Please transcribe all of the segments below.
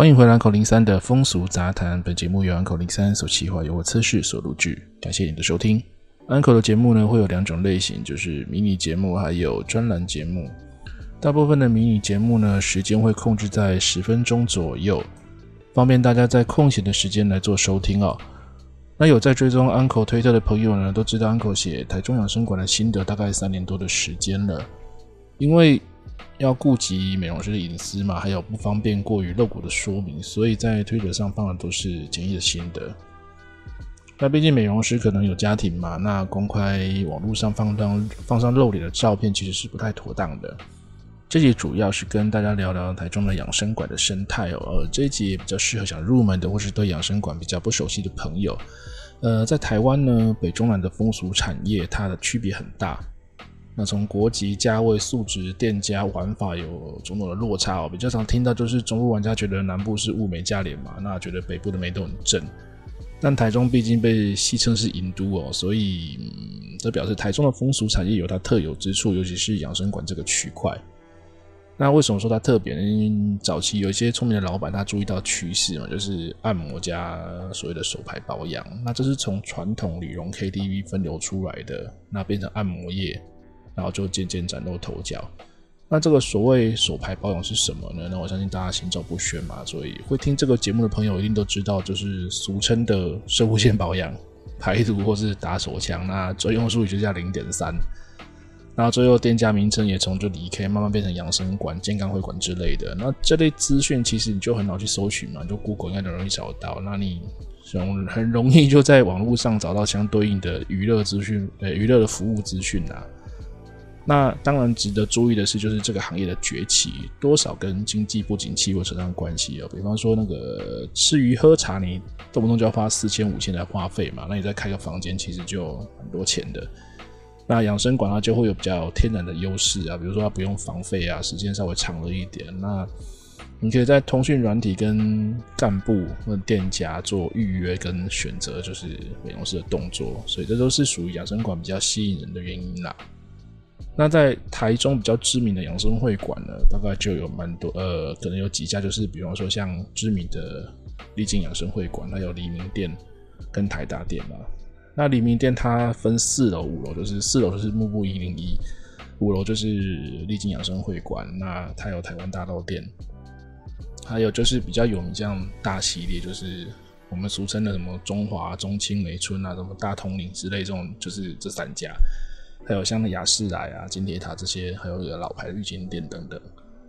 歡迎回 Uncle 03的風俗雜談。本節目由 Uncle 03所企劃、由我策士、所錄製。感謝您的收聽。Uncle 的節目呢，會有兩種類型，就是迷你節目還有專欄節目。大部分的迷你節目呢，時間會控制在十分鐘左右，方便大家在空閒的時間來做收聽哦。那有在追蹤 Uncle 推特的朋友呢，都知道 Uncle 寫台中養生館的心得大概三年多的時間了，因為要顧及美容師的隱私嘛，還有不方便過於露骨的說明，所以在推特上放的都是簡易的心得。那畢竟美容師可能有家庭嘛，那公開網絡上放張放上露臉的照片其實是不太妥當的。這集主要是跟大家聊聊台中的養生館的生態哦。呃，這一集也比較適合想入門的或是對養生館比較不熟悉的朋友。呃，在台灣呢，北中南的風俗產業它的區別很大。那從國籍、價位、素質、店家、玩法有種種的落差哦。比較常聽到就是中部玩家覺得南部是物美價廉嘛，那覺得北部的妹都很正。但台中畢竟被戲稱是淫都哦，所以、嗯、這表示台中的風俗產業有它特有之處，尤其是養生館這個區塊。那為什麼說它特別呢？因為早期有一些聰明的老板，他注意到趨勢嘛，就是按摩加所謂的手牌保養。那這是從傳統理容 KTV 分流出來的，那變成按摩業。然後就漸漸嶄露頭角。那這個所謂“手牌保養”是什麼呢？那我相信大家心照不宣嘛，所以會聽這個節目的朋友一定都知道，就是俗稱的生物線保養、排毒或是打手槍。那專用術語就叫零點三。那、嗯、最後店家名稱也從就離開慢慢變成養生館、健康會館之類的。那這類資訊其實你就很好去搜尋嘛，就 Google 應該很容易找到。那你很很容易就在網絡上找到相對應的娛樂資訊，呃、哎，娛樂的服務資訊啊。那當然值得注意的是，就是這個行業的崛起多少跟經濟不景氣有扯上關係哦，比方說那個吃魚喝茶，你動不動就要花四千五千來花費嘛，那你再開個房間，其實就很多錢的。那養生館它、啊、就會有比較有天然的優勢啊，比如說它不用房費啊，時間稍微長了一點。那你可以在通訊軟體跟幹部或者店家做預約跟選擇，就是美容師的動作。所以這都是屬於養生館比較吸引人的原因啦、啊。那在台中比較知名的養生會館呢，大概就有蠻多，呃，可能有幾家，就是比方說像知名的麗晶養生會館，它有黎明店跟台大店嘛。那黎明店它分四樓、五樓，就是四樓就是幕布一零一，五樓就是麗晶養生會館。那它有台灣大道店，還有就是比較有名這樣大系列，就是我們俗稱的什麼中華、中青、梅村啊，什麼大統領之類這種，就是這三家。還有像雅士萊啊、金蝶塔這些，還有一個老牌浴巾店等等。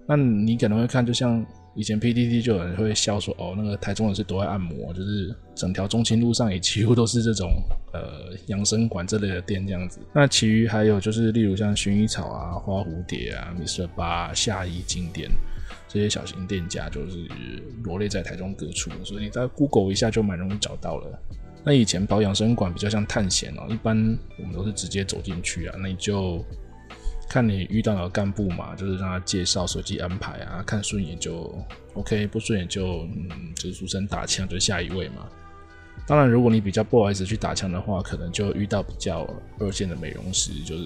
那你可能會看，就像以前 PTT 就有人會笑說，哦，那個台中的是多愛按摩，就是整條中清路上也幾乎都是這種呃養生館之類的店這樣子。那其餘還有就是，例如像薰衣草啊、花蝴蝶啊、米色8夏依經典這些小型店家，就是羅列在台中各處，所以你在 Google 一下就蠻容易找到了。那以前跑養生館比較像探險哦，一般我們都是直接走進去啊。那你就看你遇到了幹部嘛，就是讓他介紹、隨機安排啊。看順眼就 OK，不順眼就嗯，就俗稱打槍，就下一位嘛。當然，如果你比較不好意思去打槍的話，可能就遇到比較二線的美容師，就是。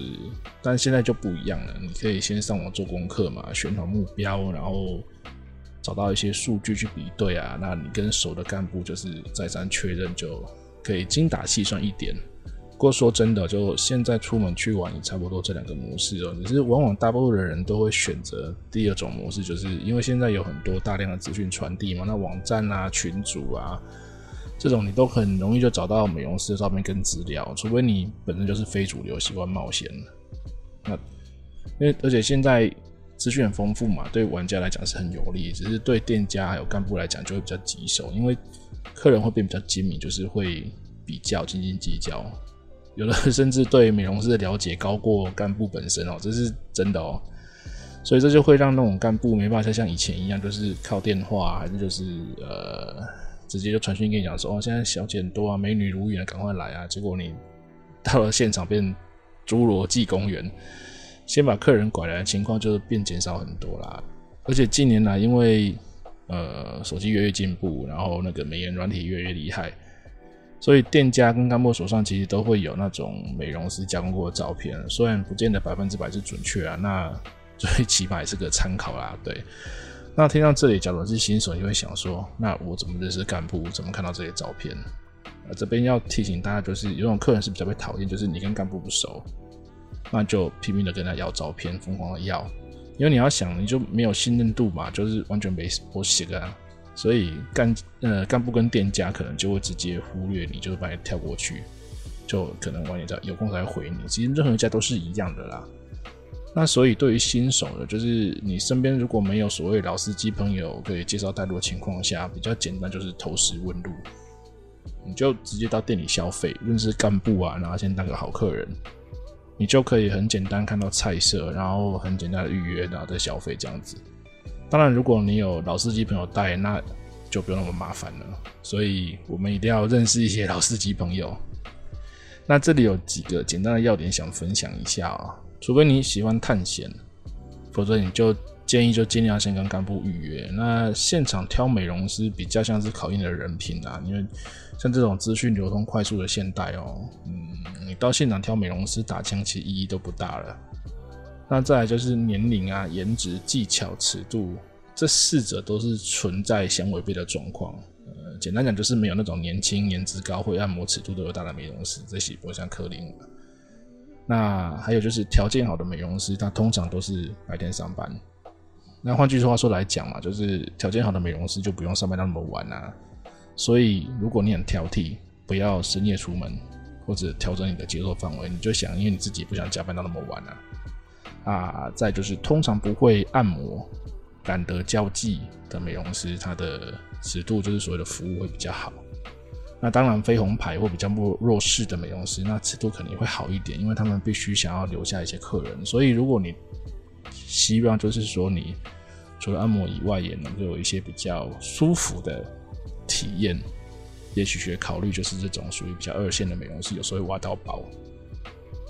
但現在就不一樣了，你可以先上網做功課嘛，選好目標，然後找到一些數據去比對啊。那你跟熟的幹部就是再三確認就。可以精打細算一點，不過說真的，就現在出門去玩也差不多這兩個模式哦。只是往往大部分的人都會選擇第二種模式，就是因為現在有很多大量的資訊傳遞嘛，那網站啊、群組啊這種，你都很容易就找到美容師的照片跟資料，除非你本身就是非主流、喜歡冒險的。那因為而且現在資訊很豐富嘛，對玩家來講是很有利，只是對店家還有幹部來講就會比較棘手，因為客人會變比較精明，就是會。比較斤斤計較，有的甚至對美容師的了解高過幹部本身哦、喔，這是真的哦、喔。所以這就會讓那種幹部沒辦法像以前一樣，就是靠電話、啊，還是就是呃，直接就傳訊給你講說哦，現在小姐很多啊，美女如雲啊，趕快來啊！結果你到了現場變侏羅紀公園，先把客人拐來的情況就變減少很多啦。而且近年來、啊，因為呃手機越來越進步，然後那個美顏軟體越來越厲害。所以店家跟幹部手上其實都會有那種美容師加工過的照片，雖然不見得百分之百是準確啊，那最起碼也是個參考啦。對，那聽到這裡，假如是新手，你會想說，那我怎麼認識幹部？怎麼看到這些照片？啊，這邊要提醒大家，就是有一種客人是比較被討厭，就是你跟幹部不熟，那就拼命的跟他要照片，瘋狂的要，因為你要想，你就沒有信任度嘛，就是完全沒不習慣。所以幹呃幹部跟店家可能就會直接忽略你，就是把你跳過去，就可能晚點再有空才回你。其實任何一家都是一樣的啦。那所以對於新手呢，就是你身邊如果沒有所謂老司機朋友可以介紹帶路情況下，比較簡單就是投石問路，你就直接到店裡消費，認識幹部啊，然後先當個好客人，你就可以很簡單看到菜色，然後很簡單的預約，然後再消費這樣子。當然，如果你有老司機朋友帶，那就不用那麼麻煩了。所以我們一定要認識一些老司機朋友。那這裡有幾個簡單的要點想分享一下啊、哦。除非你喜歡探險，否則你就建議就儘量先跟幹部預約。那現場挑美容師比較像是考驗你的人品啊，因為像這種資訊流通快速的現代哦，嗯，你到現場挑美容師打槍，其實意義都不大了。那再來就是年齡啊、顏值、技巧、尺度，這四者都是存在相違背的狀況。呃，簡單講就是沒有那種年輕、顏值高、會按摩、尺度都有大的美容師，這喜不喜歡柯林？那還有就是條件好的美容師，他通常都是白天上班。那換句話說來講嘛，就是條件好的美容師就不用上班到那麼晚啊。所以如果你很挑剔，不要深夜出門，或者調整你的接受範圍，你就想，因為你自己不想加班到那麼晚啊。啊，再就是通常不會按摩、懶得交際的美容師，他的尺度就是所謂的服務會比較好。那當然，非紅牌或比較弱弱勢的美容師，那尺度肯定會好一點，因為他們必須想要留下一些客人。所以，如果你希望就是說，你除了按摩以外，也能夠有一些比較舒服的體驗，也許也考慮就是這種屬於比較二線的美容師，有時候會挖到寶。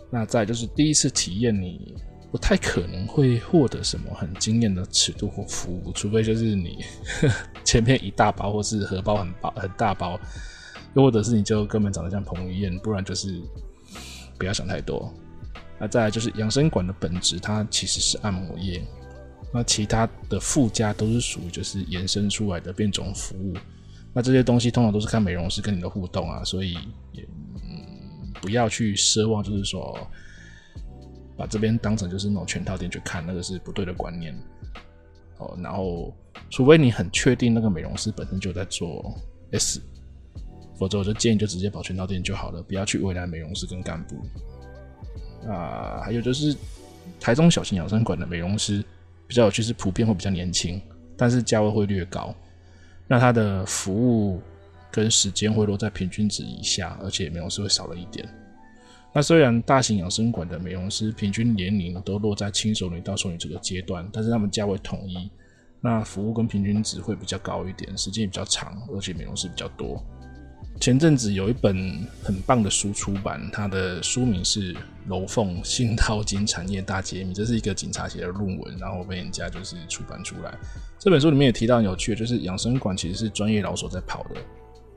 那再就是第一次體驗你。不太可能會獲得什麼很驚艷的尺度或服務，除非就是你呵呵前面一大包，或是荷包很很大包，又或者是你就根本長得像彭於晏，不然就是不要想太多。那再來就是養生館的本質，它其實是按摩業，那其他的附加都是屬於就是延伸出來的變種服務，那這些東西通常都是看美容師跟你的互動啊，所以也嗯不要去奢望，就是說。把這邊當成就是那種全套店去看，那個是不對的觀念哦。然後，除非你很確定那個美容師本身就在做 S，否則我就建議就直接保全套店就好了，不要去為難美容師跟幹部啊。還有就是，台中小型養生館的美容師比較有趣，是普遍會比較年輕，但是價位會略高，那它的服務跟時間會落在平均值以下，而且美容師會少了一點。那雖然大型養生館的美容師平均年齡都落在輕熟女到熟女這個階段，但是他們價位統一，那服務跟平均值會比較高一點，時間也比較長，而且美容師比較多。前陣子有一本很棒的書出版，它的書名是《樓鳳信濤金產業大揭秘》，這是一個警察寫的論文，然後被人家就是出版出來。這本書裡面也提到很有趣的，就是養生館其實是專業老手在跑的。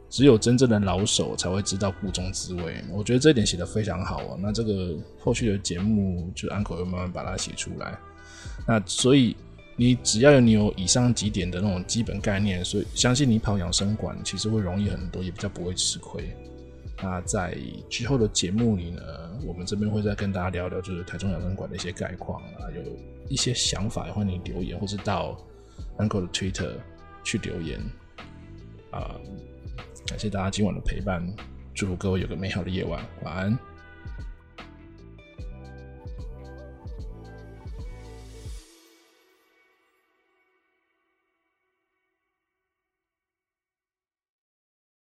只有真正的老手才會知道箇中滋味，我覺得這點寫得非常好啊。那這個後續的節目，就 Uncle 會慢慢把它寫出來。那所以你只要有你有以上幾點的那種基本概念，所以相信你跑養生館其實會容易很多，也比較不會吃虧。那在之後的節目裡呢，我們這邊會再跟大家聊聊，就是台中養生館的一些概況啊，有一些想法也歡迎留言，或是到 Uncle 的 Twitter 去留言啊。感謝大家今晚的陪伴，祝福各位有個美好的夜晚，晚安。